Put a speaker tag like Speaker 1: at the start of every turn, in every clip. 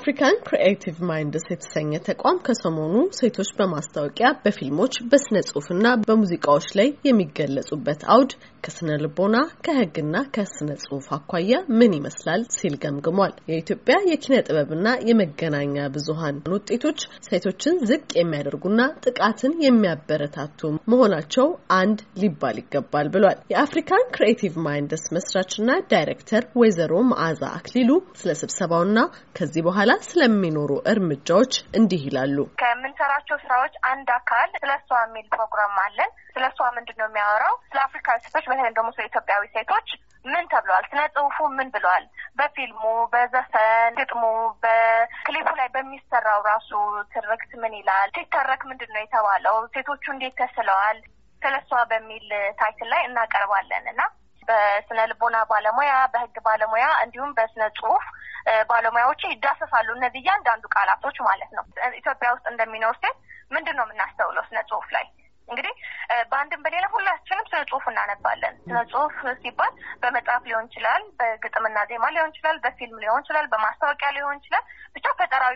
Speaker 1: አፍሪካን ክሪኤቲቭ ማይንድስ የተሰኘ ተቋም ከሰሞኑ ሴቶች በማስታወቂያ በፊልሞች በስነ ጽሁፍና በሙዚቃዎች ላይ የሚገለጹበት አውድ ከስነ ልቦና ከህግና ከስነ ጽሁፍ አኳያ ምን ይመስላል ሲል ገምግሟል። የኢትዮጵያ የኪነ ጥበብና የመገናኛ ብዙሀን ውጤቶች ሴቶችን ዝቅ የሚያደርጉና ጥቃትን የሚያበረታቱ መሆናቸው አንድ ሊባል ይገባል ብሏል። የአፍሪካን ክሪኤቲቭ ማይንድስ መስራችና ዳይሬክተር ወይዘሮ መዓዛ አክሊሉ ስለ ስብሰባውና ከዚህ በኋላ በኋላ ስለሚኖሩ እርምጃዎች እንዲህ ይላሉ።
Speaker 2: ከምንሰራቸው ስራዎች አንድ አካል ስለ እሷ የሚል ፕሮግራም አለን። ስለ እሷ ምንድን ነው የሚያወራው? ስለ አፍሪካዊ ሴቶች በተለይም ደግሞ ስለ ኢትዮጵያዊ ሴቶች ምን ተብለዋል? ስነ ጽሁፉ ምን ብለዋል? በፊልሙ፣ በዘፈን ግጥሙ፣ በክሊፑ ላይ በሚሰራው ራሱ ትርክት ምን ይላል? ሲተረክ ምንድን ነው የተባለው? ሴቶቹ እንዴት ተስለዋል? ስለ እሷ በሚል ታይትል ላይ እናቀርባለን እና በስነ ልቦና ባለሙያ፣ በህግ ባለሙያ እንዲሁም በስነ ጽሁፍ ባለሙያዎች ይዳሰሳሉ። እነዚህ እያንዳንዱ ቃላቶች ማለት ነው። ኢትዮጵያ ውስጥ እንደሚኖር ሴት ምንድን ነው የምናስተውለው ስነ ጽሁፍ ላይ እንግዲህ በአንድም በሌላ ሁላችንም ስነ ጽሁፍ እናነባለን። ስነ ጽሁፍ ሲባል በመጽሐፍ ሊሆን ይችላል፣ በግጥምና ዜማ ሊሆን ይችላል፣ በፊልም ሊሆን ይችላል፣ በማስታወቂያ ሊሆን ይችላል። ብቻ ፈጠራዊ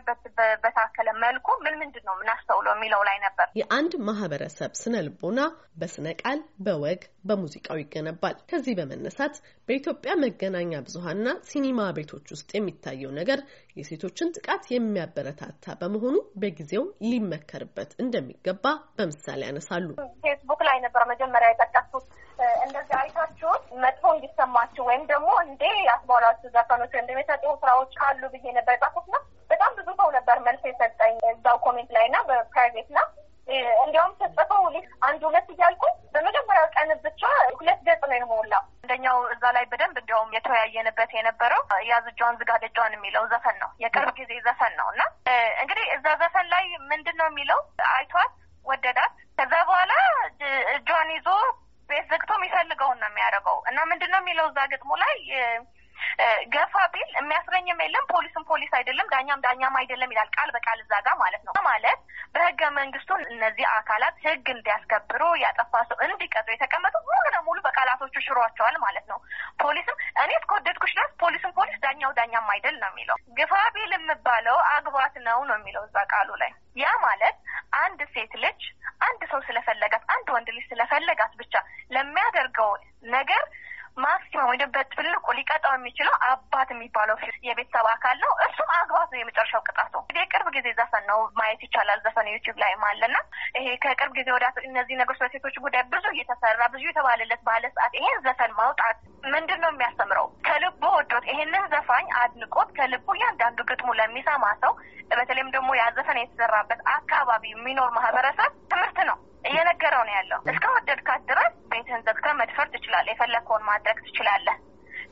Speaker 2: በታከለ መልኩ ምን ምንድን ነው የምናስተውለው የሚለው ላይ
Speaker 1: ነበር። የአንድ ማህበረሰብ ስነ ልቦና በስነ ቃል፣ በወግ፣ በሙዚቃው ይገነባል። ከዚህ በመነሳት በኢትዮጵያ መገናኛ ብዙሀንና ሲኒማ ቤቶች ውስጥ የሚታየው ነገር የሴቶችን ጥቃት የሚያበረታታ በመሆኑ በጊዜው ሊመከርበት እንደሚገባ በምሳሌ ያነሳሉ።
Speaker 2: ፌስቡክ ላይ ነበር መጀመሪያ የጠቀሱት። እንደዚህ አይታችሁት መጥፎ እንዲሰማችሁ ወይም ደግሞ እንዴ አስባላችሁ ዘፈኖች ወይም የሚሰጡ ስራዎች ካሉ ብዬ ነበር የጻፉት ነው። በጣም ብዙ ሰው ነበር መልስ የሰጠኝ እዛው ኮሜንት ላይ ና በፕራይቬት ና እንዲያውም ተጽፈው አንድ ሁለት እያልኩ በመጀመሪያው ቀን ብቻ ሁለት ገጽ ነው የሞላ አንደኛው እዛ ላይ በደ እንደውም የተወያየንበት የነበረው ያዝ እጇን ዝጋ ደጇን የሚለው ዘፈን ነው። የቅርብ ጊዜ ዘፈን ነው እና እንግዲህ እዛ ዘፈን ላይ ምንድን ነው የሚለው አይቷት ወደዳት። ከዛ በኋላ እጇን ይዞ ቤት ዘግቶ የሚፈልገውን ነው የሚያደርገው እና ምንድን ነው የሚለው እዛ ግጥሙ ላይ ገፋ ቢል የሚያስረኝም የለም ፖሊስም ፖሊስ አይደለም ዳኛም ዳኛም አይደለም ይላል ቃል በቃል እዛ ጋር ማለት ነው። ማለት በህገ መንግስቱ እነዚህ አካላት ህግ እንዲያስከብሩ ያጠፋ ሰው እንዲቀጡ የተቀመጡ ሙሉ ለሙሉ በቃላቶቹ ሽሯቸዋል ማለት ነው። ፖሊስም እኔ እስከወደድኩሽ ድረስ ፖሊስም ፖሊስ ዳኛው ዳኛም አይደል ነው የሚለው። ግፋ ቢል የምባለው አግባት ነው ነው የሚለው እዛ ቃሉ ላይ። ያ ማለት አንድ ሴት ልጅ አንድ ሰው ስለፈለጋት አንድ ወንድ ልጅ ስለፈለጋት ብቻ ለሚያደርገው ነገር ማክሲመም ወይ በትልቁ ሊቀጣው የሚችለው አባት የሚባለው የቤተሰብ አካል ነው። እሱም አግባት ነው የመጨረሻው ቅጣቱ። የቅርብ ጊዜ ዘፈን ነው ማየት ይቻላል። ዘፈን ዩቲዩብ ላይ አለና ይሄ ከቅርብ ጊዜ ወደ እነዚህ ነገሮች በሴቶች ጉዳይ ብዙ እየተሰራ ብዙ የተባለለት ባለ ሰዓት ይሄን ዘፈን ማውጣት ምንድን ነው የሚያስተምረው? ከልቡ ወዶት ይሄንን ዘፋኝ አድንቆት ከልቡ እያንዳንዱ ግጥሙ ለሚሰማ ሰው በተለይም ደግሞ ያ ዘፈን የተሰራበት አካባቢ የሚኖር ማህበረሰብ ትምህርት ነው እየነገረው ነው ያለው። እስከ ወደድካት ድረስ ቤትህን ዘግተህ መድፈር ትችላለህ። የፈለግከውን ማድረግ ትችላለህ።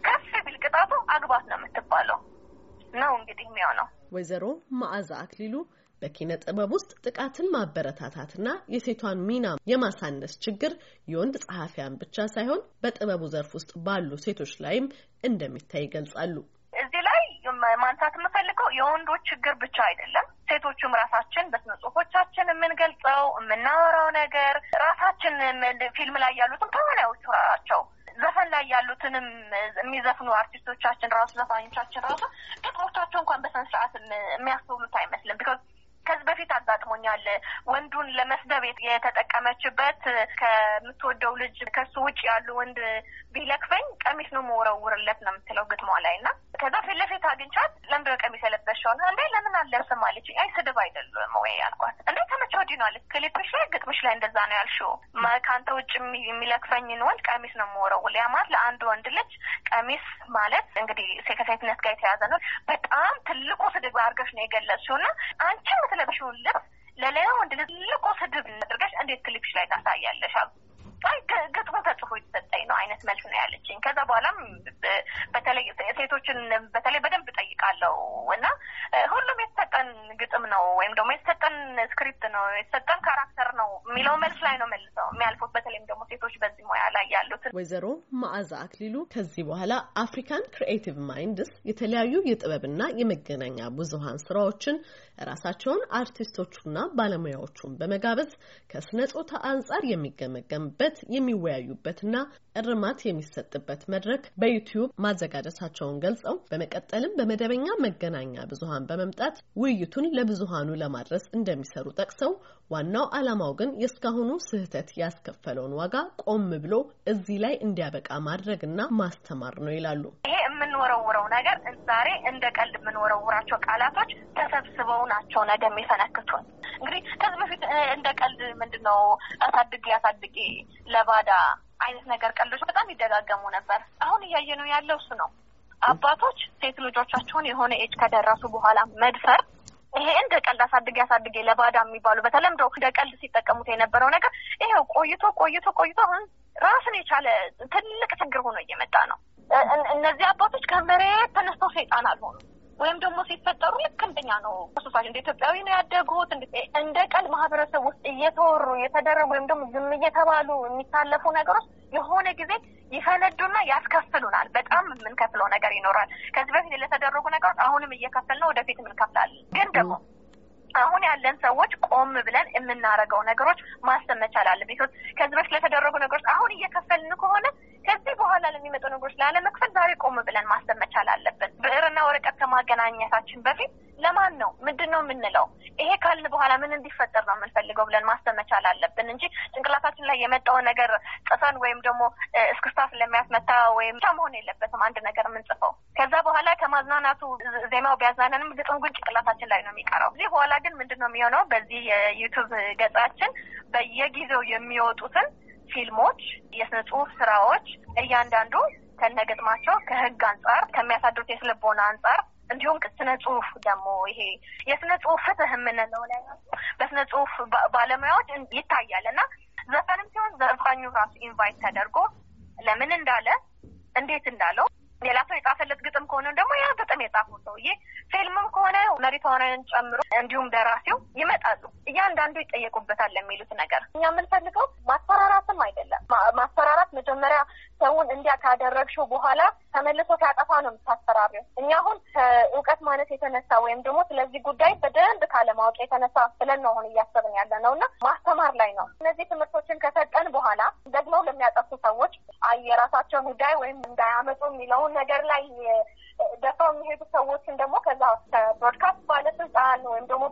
Speaker 2: ከፍ ቢል ቅጣቱ አግባት ነው የምትባለው ነው እንግዲህ የሚሆነው።
Speaker 1: ወይዘሮ መዓዛ አክሊሉ በኪነ ጥበብ ውስጥ ጥቃትን ማበረታታትና የሴቷን ሚና የማሳነስ ችግር የወንድ ጸሐፊያን ብቻ ሳይሆን በጥበቡ ዘርፍ ውስጥ ባሉ ሴቶች ላይም እንደሚታይ ይገልጻሉ።
Speaker 2: እዚህ ላይ ማንሳት የምፈልገው የወንዶች ችግር ብቻ አይደለም። ሴቶቹም ራሳችን በስነ ጽሁፎቻችን የምንገልጸው የምናወራው ነገር ራሳ ሌሎችን ፊልም ላይ ያሉትም ተዋናዮቹ ናቸው። ዘፈን ላይ ያሉትንም የሚዘፍኑ አርቲስቶቻችን ራሱ ዘፋኞቻችን ራሱ ግጥሞቻቸው እንኳን በስነ ስርዓት የሚያስተውሉት አይመስልም። ቢካዝ ከዚህ በፊት አጋጥሞኛል። ወንዱን ለመስደብ የተጠቀመችበት ከምትወደው ልጅ ከሱ ውጭ ያሉ ወንድ ቢለክፈኝ ቀሚስ ነው መወረውርለት ነው የምትለው ግጥሟ ላይ እና ከዛ ፊት ለፊት አግኝቻት ለምንድን ነው ቀሚስ የለበሽው? እንዴ ለምን አለብስም አለችኝ። አይ ስድብ አይደለም ወይ አልኳት። እንዴ ተመቼ ወዲህ ነው አለች። ክሊፕሽ ላይ ግጥምሽ ላይ እንደዛ ነው ያልሽው። ከአንተ ውጭ የሚለክፈኝን ወንድ ቀሚስ ነው የምወረው። ሊያማት ለአንድ ወንድ ልጅ ቀሚስ ማለት እንግዲህ ከሴትነት ጋር የተያዘ ነው። በጣም ትልቁ ስድብ አርገሽ ነው የገለጽሽው እና አንቺ የምትለብሽውን ልብስ ለሌላ ወንድ ልጅ ትልቁ ስድብ አድርገሽ እንዴት ክሊፕሽ ላይ ታሳያለሽ? አይ ግጥሙ ተጽፎ የተሰጠኝ ነው አይነት መልስ ነው ያለችኝ። ከዛ በኋላ ግጥሞችን በተለይ በደንብ ጠይቃለው እና ሁሉም የተሰጠን ግጥም ነው ወይም ደግሞ የተሰጠን ስክሪፕት ነው የተሰጠን ካራክተር ነው የሚለው መልስ ላይ ነው መልሰው የሚያልፉት። በተለይም ደግሞ
Speaker 1: ሴቶች በዚህ ሙያ ላይ ያሉት ወይዘሮ መዓዛ አክሊሉ ከዚህ በኋላ አፍሪካን ክሪኤቲቭ ማይንድስ የተለያዩ የጥበብና የመገናኛ ብዙሀን ስራዎችን ራሳቸውን አርቲስቶቹና ባለሙያዎቹን በመጋበዝ ከስነ ጾታ አንጻር የሚገመገምበት የሚወያዩበትና እርማት የሚሰጥበት መድረክ በዩቲዩብ ማዘጋጀታቸውን ገልጸው በመቀጠልም በመደበኛ መገናኛ ብዙሀን በመምጣት ውይይቱን ለብዙሀኑ ለማድረስ እንደሚሰሩ ጠቅሰው ዋናው ዓላማው ግን የእስካሁኑ ስህተት ያስከፈለውን ዋጋ ቆም ብሎ እዚህ ላይ እንዲያበቃ ማድረግና ማስተማር ነው ይላሉ።
Speaker 2: ይሄ የምንወረውረው ነገር ዛሬ እንደ ቀልድ የምንወረውራቸው ቃላቶች ተሰብስበው ናቸው ነገ የሚፈነክቱን። እንግዲህ ከዚህ በፊት እንደ ቀልድ ምንድን ነው አሳድጌ አሳድጌ ለባዳ አይነት ነገር ቀልዶች በጣም ይደጋገሙ ነበር። አሁን እያየ ነው ያለው እሱ ነው። አባቶች ሴት ልጆቻቸውን የሆነ ኤጅ ከደረሱ በኋላ መድፈር ይሄ እንደ ቀልድ አሳድጌ አሳድጌ ለባዳ የሚባሉ በተለምዶ እንደ ቀልድ ሲጠቀሙት የነበረው ነገር ይሄው ቆይቶ ቆይቶ ቆይቶ አሁን ራስን የቻለ ትልቅ ችግር ሆኖ እየመጣ ነው። እነዚህ አባቶች ከመሬት ተነስተው ሰይጣን አልሆኑም ወይም ደግሞ ሲፈጠሩ ልክ እንደኛ ነው ሱሳሽ እንደ ኢትዮጵያዊ ነው ያደጉት እንደ ቀልድ ማህበረሰብ ውስጥ እየተወሩ እየተደረጉ ወይም ደግሞ ዝም እየተባሉ የሚታለፉ ነገሮች የሆነ ጊዜ ይፈነዱና ያስከፍሉናል። በጣም የምንከፍለው ነገር ይኖራል። ከዚህ በፊት ለተደረጉ ነገሮች አሁንም እየከፈል ነው፣ ወደፊት የምንከፍላለን። ግን ደግሞ አሁን ያለን ሰዎች ቆም ብለን የምናደርገው ነገሮች ማሰብ መቻል አለብን። ከዚህ በፊት ለተደረጉ ነገሮች አሁን እየከፈልን ከሆነ ከዚህ በኋላ ለሚመጡ ነገሮች ላለመክፈል ዛሬ ቆም ብለን ማሰብ መቻል አለብን። ከማገናኘታችን በፊት ለማን ነው ምንድን ነው የምንለው? ይሄ ካልን በኋላ ምን እንዲፈጠር ነው የምንፈልገው ብለን ማሰብ መቻል አለብን እንጂ ጭንቅላታችን ላይ የመጣውን ነገር ጥፈን ወይም ደግሞ እስክስታ ስለሚያስመታ ወይም ብቻ መሆን የለበትም። አንድ ነገር የምንጽፈው ከዛ በኋላ ከማዝናናቱ ዜማው ቢያዝናናንም ግጥም ግን ጭንቅላታችን ላይ ነው የሚቀረው። እዚህ በኋላ ግን ምንድን ነው የሚሆነው? በዚህ የዩቱብ ገጻችን በየጊዜው የሚወጡትን ፊልሞች፣ የስነ ጽሁፍ ስራዎች እያንዳንዱ ከነገጥማቸው ከህግ አንጻር ከሚያሳድሩት የስልቦና አንጻር እንዲሁም ስነ ጽሁፍ ደግሞ ይሄ የስነ ጽሁፍ ፍትህ የምንለው ላይ በስነ ጽሁፍ ባለሙያዎች ይታያል እና ዘፈንም ሲሆን ዘፋኙ ራሱ ኢንቫይት ተደርጎ ለምን እንዳለ እንዴት እንዳለው ሌላ ሰው የጻፈለት ግጥም ከሆነ ደግሞ ያ ግጥም የጻፈው ሰውዬ ፊልምም ከሆነ መሪቷንን ጨምሮ እንዲሁም ደራሲው ይመጣሉ። እያንዳንዱ ይጠየቁበታል የሚሉት ነገር እኛ የምንፈልገው ማስፈራራትም አይደለም። ማስፈራራት መጀመሪያ ሰውን እንዲያ ካደረግሽው በኋላ ተመልሶ ካጠፋ ነው የምታስፈራሪው። እኛ አሁን ከእውቀት ማለት የተነሳ ወይም ደግሞ ስለዚህ ጉዳይ በደንብ ካለማወቅ የተነሳ ስለን ነው አሁን እያሰብን ያለ ነው እና ማስተማር ላይ ነው እነዚህ ትምህርቶችን ከሰ የራሳቸውን ጉዳይ ወይም እንዳያመጡ የሚለውን ነገር ላይ ደፍረው የሚሄዱ ሰዎችን ደግሞ ከዛ ብሮድካስት ባለስልጣን ወይም ደግሞ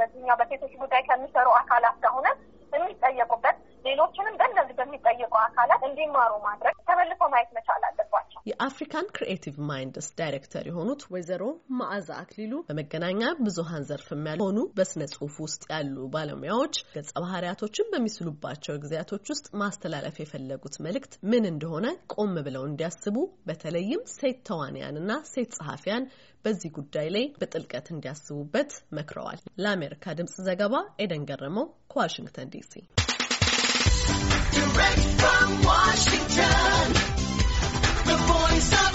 Speaker 2: በዚኛ በሴቶች ጉዳይ ከሚሰሩ አካላት ከሆነ የሚጠየቁበት ሌሎችንም በእነዚህ በሚጠየቁ አካላት እንዲማሩ ማድረግ ተመልሶ ማየት መቻል አለባቸው።
Speaker 1: የአፍሪካን ክሪኤቲቭ ማይንድስ ዳይሬክተር የሆኑት ወይዘሮ ማዕዛ አክሊሉ በመገናኛ ብዙሀን ዘርፍ ሆኑ በስነ ጽሁፍ ውስጥ ያሉ ባለሙያዎች ገጸ ባህሪያቶችን በሚስሉባቸው ጊዜያቶች ውስጥ ማስተላለፍ የፈለጉት መልእክት ምን እንደሆነ ቆም ብለው እንዲያስቡ በተለይም ሴት ተዋንያንና ሴት ጸሐፊያን በዚህ ጉዳይ ላይ በጥልቀት እንዲያስቡበት መክረዋል። ለአሜሪካ ድምጽ ዘገባ ኤደን ገረመው ከዋሽንግተን ዲሲ sorry.